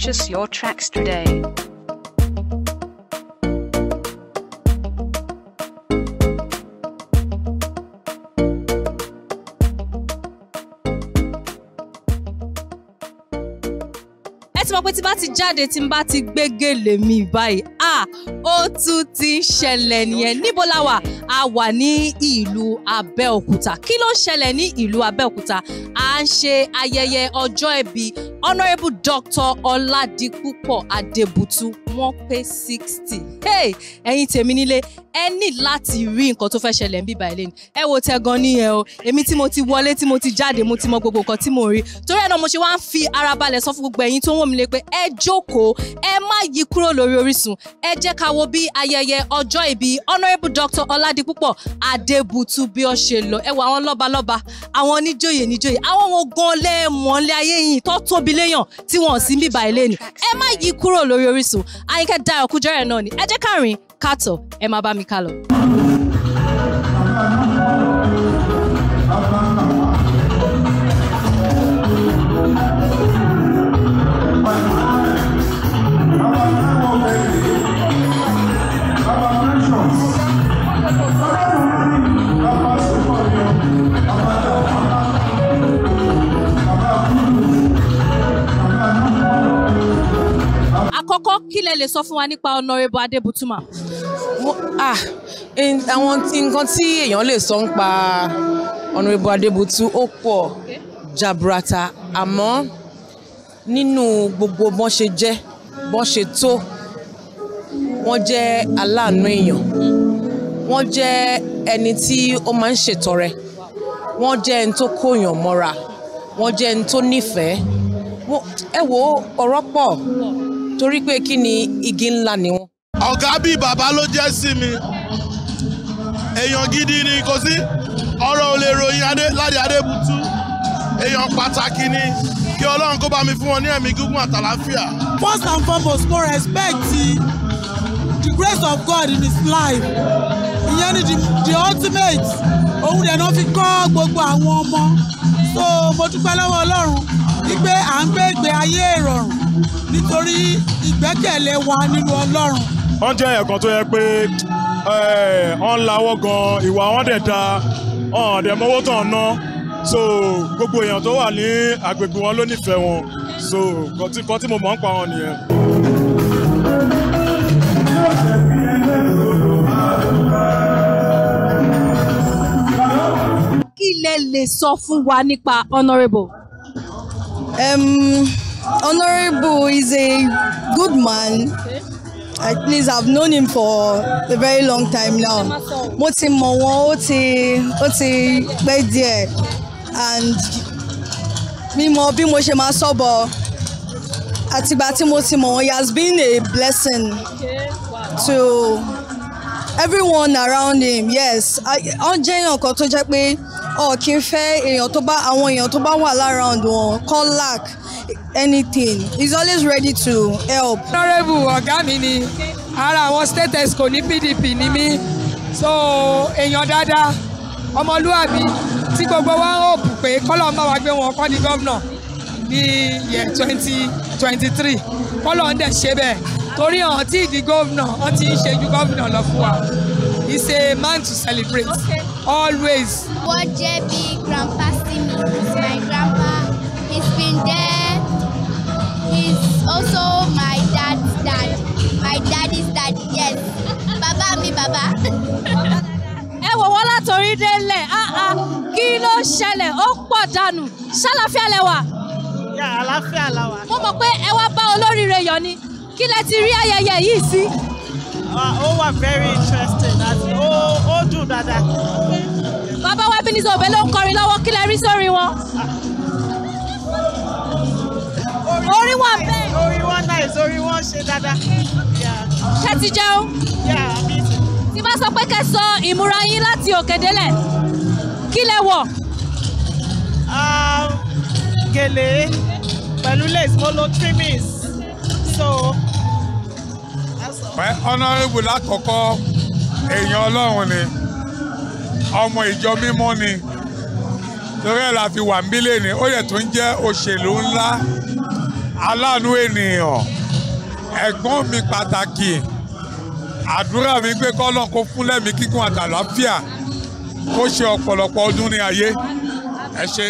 purchase your tracks today. ẹ ti mọ̀ pé tí bá ti jáde tí bá ti gbé gèlè mi báyìí a ó tún ti ń ṣẹlẹ̀ nìyẹn níbo la wà a wà ní ìlú Abẹ́òkúta kí ló ń ṣẹlẹ̀ ní ìlú Abẹ́òkúta à ń ṣe ayẹyẹ ọjọ́ ìbí honourable Dr. Oladipupo Adebutu wọ́n pé sixty hey ẹ̀yin tèmi nílé ẹ ní láti rí nǹkan tó fẹ́ ṣẹlẹ̀ ń bíbá ilé ni ẹ wo tẹgan ní o èmi tí mo ti wọlé tí mo ti jáde mo ti mọ gbogbo nǹkan tí mo rí torí ẹ̀ náà mo ṣe wá ń fi ara balẹ̀ sọ fún gbogbo ẹ̀yin tó ń wò mí lé pé ẹ jókòó ẹ má yí kúrò lórí Orísun ẹ jẹ́ ká wo bí ayẹyẹ ọjọ́ ìbí honourable doctor Ọládipúpọ̀ Adébùtú bí ó ṣe lọ ẹ wo àwọn lọ́balọ́ba àwọn oníjòyè níjòyè àwọn wo gan lẹ́ẹ̀mọ́lẹ́ ayé yìí tó tóbi léèyàn tí wọ́n sì ń Àyìnkẹ́ Dayọ̀ Kújẹ́rẹ́ náà ni ẹ jẹ́ ká rìn ká ẹ máa bá mi ká lọ. sọ fún wa nípa Honourable Adébùtúmà. Ah, àwọn nǹkan tí èèyàn lè sọ ń pa Honourable Adébùtú ó pọ̀ jaburata àmọ́ nínú gbogbo bọ́n ṣe jẹ́ bọ́n ṣe tó wọ́n jẹ́ aláàánú èèyàn wọ́n jẹ́ ẹni tí ó máa ń ṣètọrẹ wọ́n jẹ́ ẹni tó kóyàn mọ́ra wọ́n jẹ́ ẹni tó nífẹ̀ẹ́ ẹ wo ọ̀rọ̀ pọ̀ torí pé kí ni igi ńlá ni wọ́n. ọ̀gá bíi bàbá ló jẹ́ sí mi èèyàn gidi ni kò sí ọ̀rọ̀ ò lè ròyìn Ládi Adébútú èèyàn pàtàkì ni kí Ọlọ́run kó bá mi fún wọn ní ẹ̀mí gígùn àtàlàáfíà. first and foremost mo respect the grace of God in his life ìyẹn ni the, the ultimate òun dẹ̀ náà fi kọ́ gbogbo àwọn ọmọ so mo dúpẹ́ lọ́wọ́ Ọlọ́run wípé à ń gbé ìgbé ayé ìrọ̀rùn nítorí ìgbẹ́kẹ̀lé wa nínú Ọlọ́run. wọ́n jẹ́ ẹ̀kan tó yẹ pé eh, wọ́n ń lawọ́ gan-an ìwà wọn dẹ̀ da ọ̀n dẹ̀ mọ́wọ́ tán ná so gbogbo èèyàn tó wà ní agbègbè wọn ló nífẹ̀ẹ́ wọn so kọ́ tí mo mọ̀ ń pa wọn nìyẹn. kí lẹ lè sọ fún wa nípa honourable. Um, Honorable is a good man. At least I've known him for a very long time now. Mo ti oti oti ó ti and mímọ̀ bí mo ṣe máa sọ́bọ̀ àtìgbà tí mo he has been a blessing to everyone around him yes ó jẹ́ èèyàn kan tó jẹ́ pé ọ̀ kì í fẹ́ èèyàn tó bá àwọn èèyàn tó bá lack anything he's always ready to help. honourable ọ̀gá mi ni ara àwọn state exco ní pdp ni mí so èèyàn dáadáa ọmọlúàbí tí gbogbo wa ń hòpù pé kọ́lọ́n bá wa gbé wọn kọ́ di governor. ní year, 2023. twenty three kọ́lọ́n dẹ̀ ṣe bẹ́ẹ̀ torí àwọn tí ìdí gómìnà wọn ti ń ṣe ju gómìnà lọ fún wa he's a man to celebrate okay. always. wọ́n jẹ́ bí grandpa sí mi my grandpa he's been there is also my dad's dad. My daddy's dad, yes. baba mi baba. Ẹ wò wọ́n látòrí délẹ̀, ah, ah. kí ló ṣẹlẹ̀? Ó pọ̀ dànù. Ṣálàfíà lẹwà. Yà àlàáfíà la wà. Mo mọ̀ pé ẹ wá bá olóríire yọ ni. Kí lẹ ti rí ayẹyẹ yìí sí? Ah, ó wà very interesting àti ó dùn dáadáa. Bàbá wa Ebenezer Obey ló ń kọrin lọ́wọ́ kí lẹ rí sórí wọn. Only one. bẹ́ẹ̀. orí wọn náà only one. wọn ṣe dáadáa. ṣé ti jẹun. tí bá sọ pé kẹ́ sọ ìmúra yín láti òkè délẹ̀ kí lẹ wọ̀. Um, gèlè pẹ̀lú lace mo lo trimmings so. honourable lákọ̀ọ́kọ́ èèyàn ọlọ́run ni ọmọ ìjọ mímọ́ ni torí ẹ̀ la fi wà ń bílẹ̀ ni ó yẹ tó ń jẹ́ òṣèlú ńlá aláàánú ènìyàn ẹ̀gbọ́n mi pàtàkì àdúrà mi pé kọ́lọ́ kó fún lẹ́mìí kíkún àtàlàáfíà kó ṣe ọ̀pọ̀lọpọ̀ ọdún ní ayé ẹ ṣe.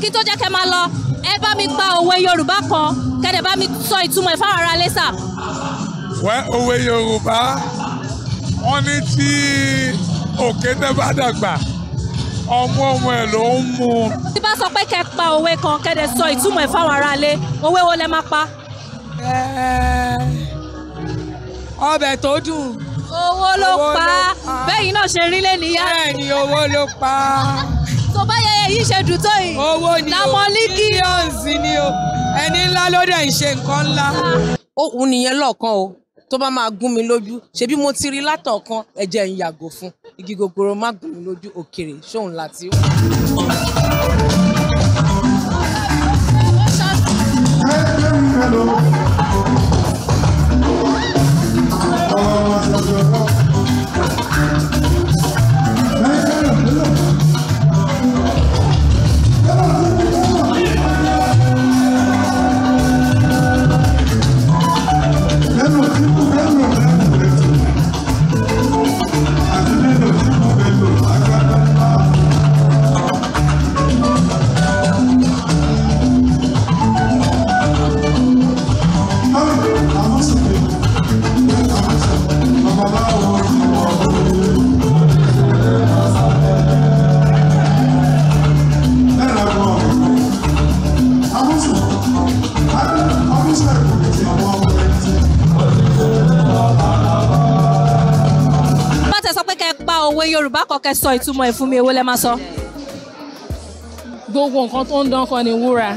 kí tó jẹ́ kẹ́ máa lọ ẹ bá mi pa òwe yorùbá kan kẹ́dẹ̀ bá mi sọ ìtumọ̀ ẹ̀ fáwọn ará lẹ́sà. wẹ́ òwe yorùbá wọ́n ní tí òkété bá dàgbà ọmú ọmọ ẹ̀ ló ń mu. tí bá sọ pé kẹ́ pa òwe kan kẹ́dẹ̀ sọ ìtumọ̀ ẹ̀ fáwọn aráalé òwe wo lẹ máa pa. Eh, ọbẹ̀ tó dùn. owó ló pa bẹ́yìn náà ṣe rí lé nìyá. bẹ́ẹ̀ ni owó ló pa. tó bá yẹ èyí ṣe dùn tó yìí. owó ni o mílíọ̀nsì ni o ẹni ńlá ló dẹ̀ ń ṣe nǹkan ńlá. ó wù nìyẹn lọ́ọ̀kan o tó bá máa gún mi lójú ṣebí mo ti rí látọ̀ọ̀kan ẹ̀jẹ̀ ń yàgò fún igi gogoro má gún mi lójú òkèrè sóun láti kẹ́ sọ ìtumọ̀ ẹ̀ fún mi èwo máa sọ. gbogbo nǹkan tó ń dán kan ni wúrà.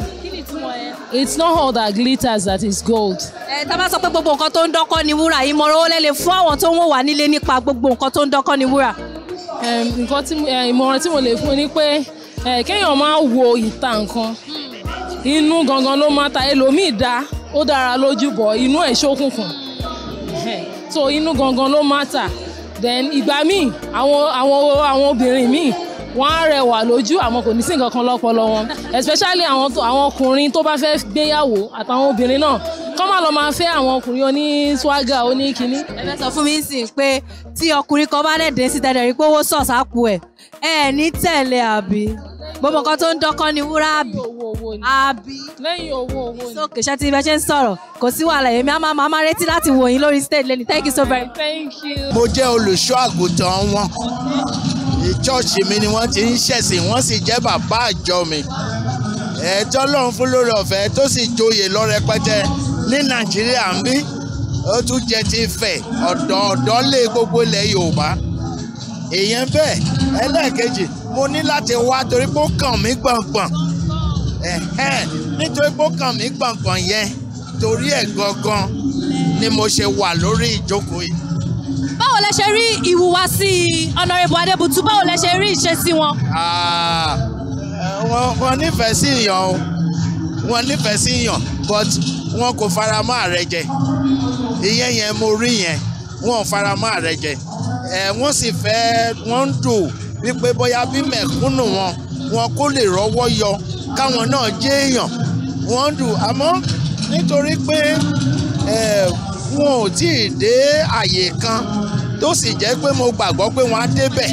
it's not all that glitters that is gold. ẹ eh, tá a bá sọ pé gbogbo nǹkan tó ń dán kan ni wúrà ìmọ̀ràn ó lẹ́lẹ̀ fún àwọn tó ń wò wá nílé nípa gbogbo nǹkan tó ń dán kan ni wúrà. tí eh, ìmọ̀ràn tí mo lè fún ni pé eh, kéèyàn máa wo ìta nǹkan inú gangan ló máa ta ẹlòmíì dá ó dára lójú bọ̀ inú ẹ̀ ṣókùnkùn so inú gangan ló máa ta then ìgbà míì àwọn àwọn àwọn obìnrin míì wọ́n á rẹwà lójú àmọ́ kò ní sí nǹkan kan lọ́pọlọ wọn especially àwọn àwọn ọkùnrin tó bá fẹ́ gbéyàwó àtàwọn obìnrin náà kọ́ máa lọ máa fẹ́ àwọn ọkùnrin oní swaga oní kínní. ẹ fẹ́ sọ fún mi sí i pé tí ọkùnrin kan bá dẹ̀ dé sí dáadáa rí pé owó sọ̀ọ́sà pò ẹ̀ ẹ̀ ní tẹ̀lé àbí gbogbo nǹkan tó ń dọ́kọ́ ni wúrà àbí àbí lẹ́yìn owó owó ni. sókè ṣe ti bẹ ṣe ń sọ̀rọ̀ kò sí wàhálà èmi á máa máa retí láti wò lórí stage lẹ́nu thank you so very much. thank you. mo jẹ́ olùṣọ́ àgùntàn wọn ìjọ́ọ̀ṣì mi ni wọ́n ti ń ṣẹ̀sìn wọ́n sì jẹ́ bàbá àjọ mi ẹ̀ẹ́tọ́ lọ́run fún lórí ọ̀fẹ́ tó sì joyè lọ rẹpẹtẹ ní nàìjíríà ń bí ó tún jẹ ti fẹ̀ ọ̀dọ̀ ọ̀dọ́ lé gbogbo ilẹ̀ yorùbá èèyàn bẹ́ẹ̀ ẹlẹ́ẹ̀kejì mo ní láti wá torí pé ó kàn mí gbọ̀ngbọ̀n nítorí pé ó kàn mí gbọ̀ngbọ̀n yẹn torí ẹ̀ gangan ni mo ṣe wà lórí ìjókòó yìí. báwo lẹ ṣe rí ìhùwàsí ọ̀nàrẹ́bù adébùtú báwo lẹ ṣe rí ìṣesí wọn. Ah, wọn nífẹ̀ẹ́ sí ìyàn o wọn nífẹ̀ẹ́ sí ìyàn but wọn kò fara mọ́ ààrẹ jẹ ìyẹn yẹn mo rí yẹn wọn ò fara mọ́ ààrẹ jẹ wọ́n sì fẹ́ wọ́n ń dùn wípé bóyá bí mẹ̀kúnnù wọn wọn kó lè rọ́wọ́ yọ káwọn náà jẹ́ èèyàn wọ́n dùn àmọ́ nítorí pé wọn ò tí ì dé àyè kan tó sì jẹ́ pé mo gbàgbọ́ pé wọ́n á débẹ̀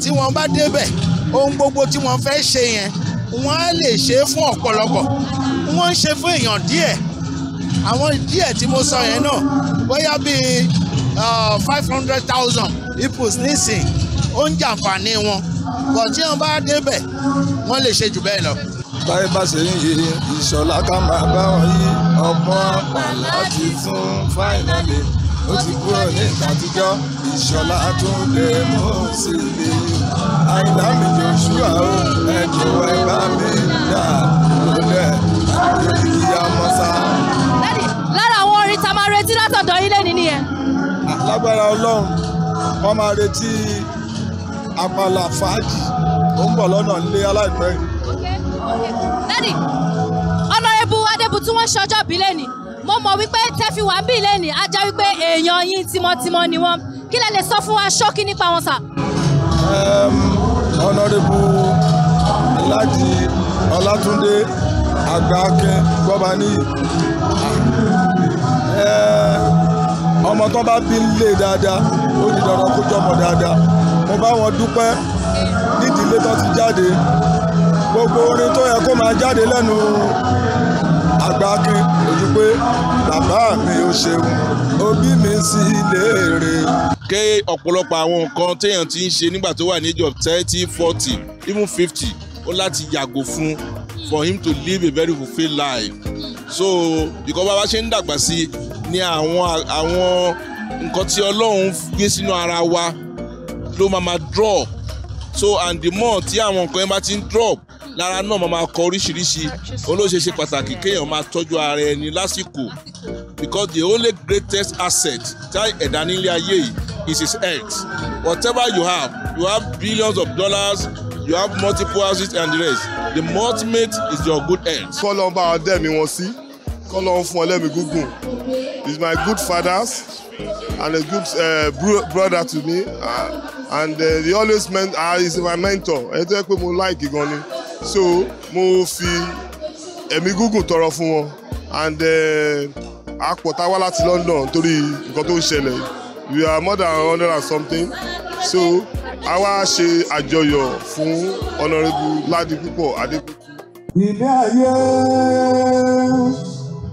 tí wọ́n bá débẹ̀ ohun gbogbo tí wọ́n fẹ́ ṣe yẹn wọ́n á lè ṣe é fún ọ̀pọ̀lọpọ̀ wọ́n ń ṣe fún èèyàn díẹ̀ àwọn díẹ̀ tí mo sọ yẹn náà bóyá bíi five hundred thousand ipos nísìnyí ó ń jàǹfààní wọn bọ̀ tí wọ́n bá débẹ̀ wọ́n lè ṣe jù bẹ́ẹ̀ lọ. báyìí bá ṣe ń yí ìṣọ̀lá ká máa bá wọn yí ọgbọ́n pàlá ti tún fáìnàlì ó ti kúrò ní ìtàtijọ́ ìṣọ̀lá tún dé mú sí ilé àìdá mi joshua ó ẹjọ́ ẹ bá mi dà lọ́lẹ̀ ìyá mọ́sá. lára àwọn orin tá a máa retí látọ̀dọ̀ yín nìyẹn. lágbára ọlọ́run wọ́n máa retí àpàlà fàájì tó ń bọ̀ lọ́nà nílé aláìpẹ́ yìí. dádì ọ̀nàrẹ́bù adébù tí wọ́n ṣe bí lẹ́nì mo mọ̀ wípé tẹ́fì wà ń bí lẹ́nì á wípé èèyàn yín tímọ́tímọ́ ni wọ́n kí lẹ lè sọ fún wa ṣókí nípa wọn sà. ọ̀nàrẹ́bù láti ọlátúndé àgbàkẹ́ gbọ́baníyì ọmọ tó bá bí ń dáadáa ó di dandan kó jọmọ dáadáa mo bá wọn dúpẹ́ nídìílé tó ti jáde gbogbo orin tó yẹ kó máa jáde lẹ́nu àgbákin ojú pé bàbá mi ò ṣeun òbí mi sì léèrè. ké ọ̀pọ̀lọpọ̀ àwọn nǹkan téèyàn ti ń ṣe nígbà tó wà ní age of thirty forty even fifty ó láti yàgò fún for him to live a very fulfilled life so ìkọ́ bá wa ṣe ń dàgbà sí ni àwọn àwọn nǹkan tí Ọlọ́run gbé sínú ara wa ló máa máa drop so and the more tí àwọn nǹkan yẹn bá ti ń drop lára náà máa máa kọ oríṣiríṣi olóṣèṣe pàtàkì kéèyàn máa tọ́jú ara ẹni lásìkò because the only greatest asset tá ẹ̀dá nílé ayé yìí is his health whatever you have you have billions of dollars you have multiple houses and the rest the ultimate is your good health. kọ́lọ́ ń bá wa dẹ́mi wọn sí kọ́lọ́ ń fún ọlẹ́mi gúngùn he is my good father and a good uh, brother to me. Uh, and uh, he always meant ah uh, he's my mentor ẹ tẹ́ pé mo like e gan ni so mo fi ẹ̀mí gígùn tọrọ fún wọn and uh, a pọ̀ tá a wá láti London torí nǹkan tó ń ṣẹlẹ̀ we are more than one hundred and something so a wá ṣe àjọyọ̀ fún honourable Ládipúpọ̀ Adépèjú. ilé ayé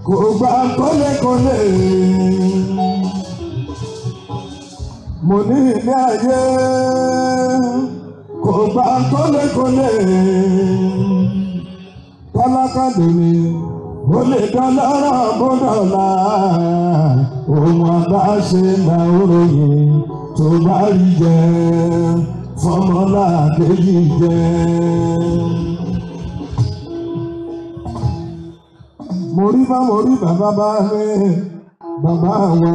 kò gbà kọ́lékọ́lé mo ní ilé ayé kò gba kólékólé tálákà lórí ó lè dá lọ́rọ̀ bódọ̀lá òun àbá ṣe là ó ròyìn tó bá rí jẹ fọmọlá àbẹ́yì jẹ. mo rí bá mo rí bàbá bá rẹ bàbá wa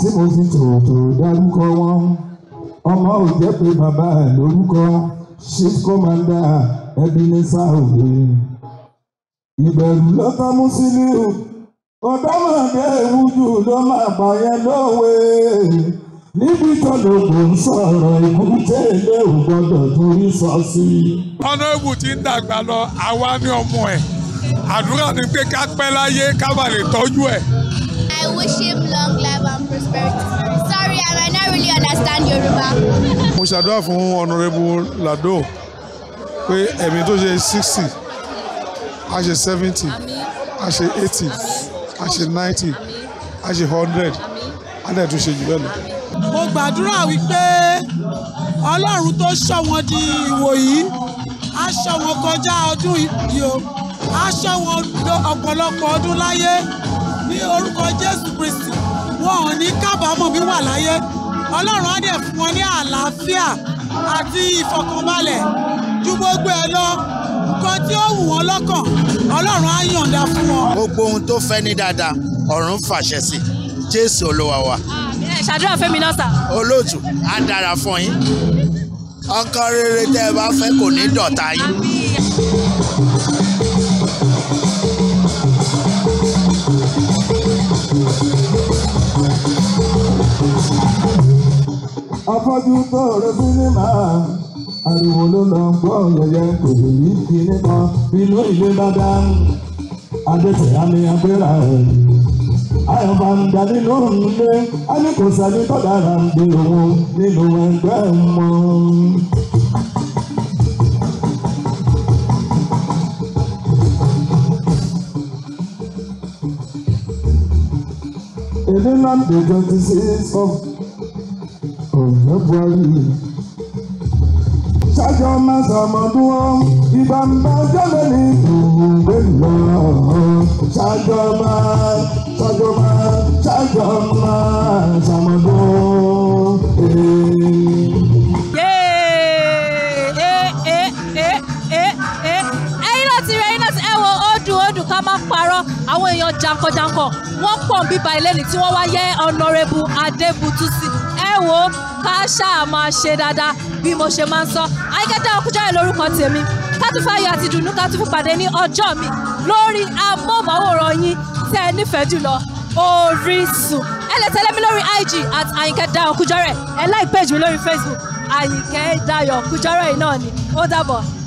tí mo fi tòótò dárúkọ wọn ọmọ ò pé bàbá ẹ̀ lórúkọ chief commander Ebenezer Obey ìbẹ̀rù lọ́tà Musiliu ọ̀dọ́mọdé ìwújú ló máa bà yẹn lówe níbi tọ́lọ́gbò ń sọ̀rọ̀ ìkúté ilé ò torí sọ sí i. ọ̀nàbù ti ń dàgbà lọ àwa ni ọmọ ẹ̀ àdúrà ni pé ká pẹ́ láyé ká bà lè tọ́jú ẹ̀. I wish him long life. Sorry, I not really understand Yorùbá. Mo ṣàdúrà fún Honourable Lado pé ẹ̀mí tó ṣe sixty a ṣe seventy a ṣe eighty a ṣe ninety a ṣe hundred a dẹ̀ tún ṣe jù bẹ́ẹ̀ lọ. Mo gbàdúrà wípé Ọlọ́run tó sọ wọn di ìwòyí á sọ wọn kọjá ọdún yìí o á sọ wọn ọ̀pọ̀lọpọ̀ ọdún láyé ní orúkọ Jésù àwọn ọmọ mi wà láyé ọlọ́run á dẹ̀ fún wọn ní àlàáfíà àti ìfọ̀kànbalẹ̀ ju gbogbo ẹ lọ nǹkan tí ó wù wọn lọ́kàn ọlọ́run á yọ̀ǹda fún wọn. gbogbo ohun tó fẹ́ ní dáadáa ọ̀run fàṣẹ sí jésù olúwa wa. ṣàdúrà fẹ́mi náà sà. olóòtú á dára fún yín ọkàn rere tẹ́ ẹ bá fẹ́ kò ní dọ̀tá yín. àmín afọ́jú tó rẹ sinimá ariwo ló lọ gbọ́ yẹyẹ kò lè ní kíní kan inú ilé bá dá adẹ́tẹ̀yà ni agbéra ẹ̀ àyànfà ń ga nínú ilé a kò sẹ́ni tó dára ń gbé òun nínú ẹgbẹ́ mọ́. In the land, the 26 of ní buhari. ṣáájú ọmọ sọmọdúnwó ìgbà ń bá jọ́lẹ̀ ní ìgbòho lọ. ṣáájú ọmọ ṣáájú ọmọ ṣáájú ọmọ sọmọdúnwó. má parọ́ àwọn èèyàn jankan-jankan wọ́n pọ̀ ń bíba ilé ní tí wọ́n wá yẹ́ ọ̀nàrẹ́bù adébútú sí i wo ká ṣáà máa ṣe dáadáa bí mo ṣe máa ń sọ Ayíkẹ́dé Ọ̀kújọ́rẹ̀ lórúkọ tèmi ká àti dùnú ká pàdé ní ọjọ́ mi lórí amóhùnmáwòrán yín tẹ́ ẹ nífẹ̀ẹ́ jùlọ Orísun ẹ mi lórí IG at Ayíkẹ́dé Ọ̀kújọ́rẹ̀ ẹ like page mi lórí Facebook Ayíkẹ́dé Ọ̀kújọ́rẹ̀ náà ni ó dàbọ̀.